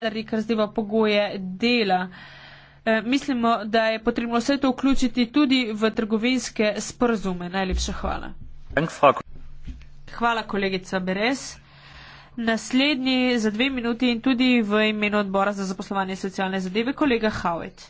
kateri krziva pogoje dela. E, mislimo, da je potrebno vse to vključiti tudi v trgovinske sporazume. Najlepša hvala. Hvala, kolegica Beres. Naslednji za dve minuti in tudi v imenu odbora za zaposlovanje socialne zadeve, kolega Havet.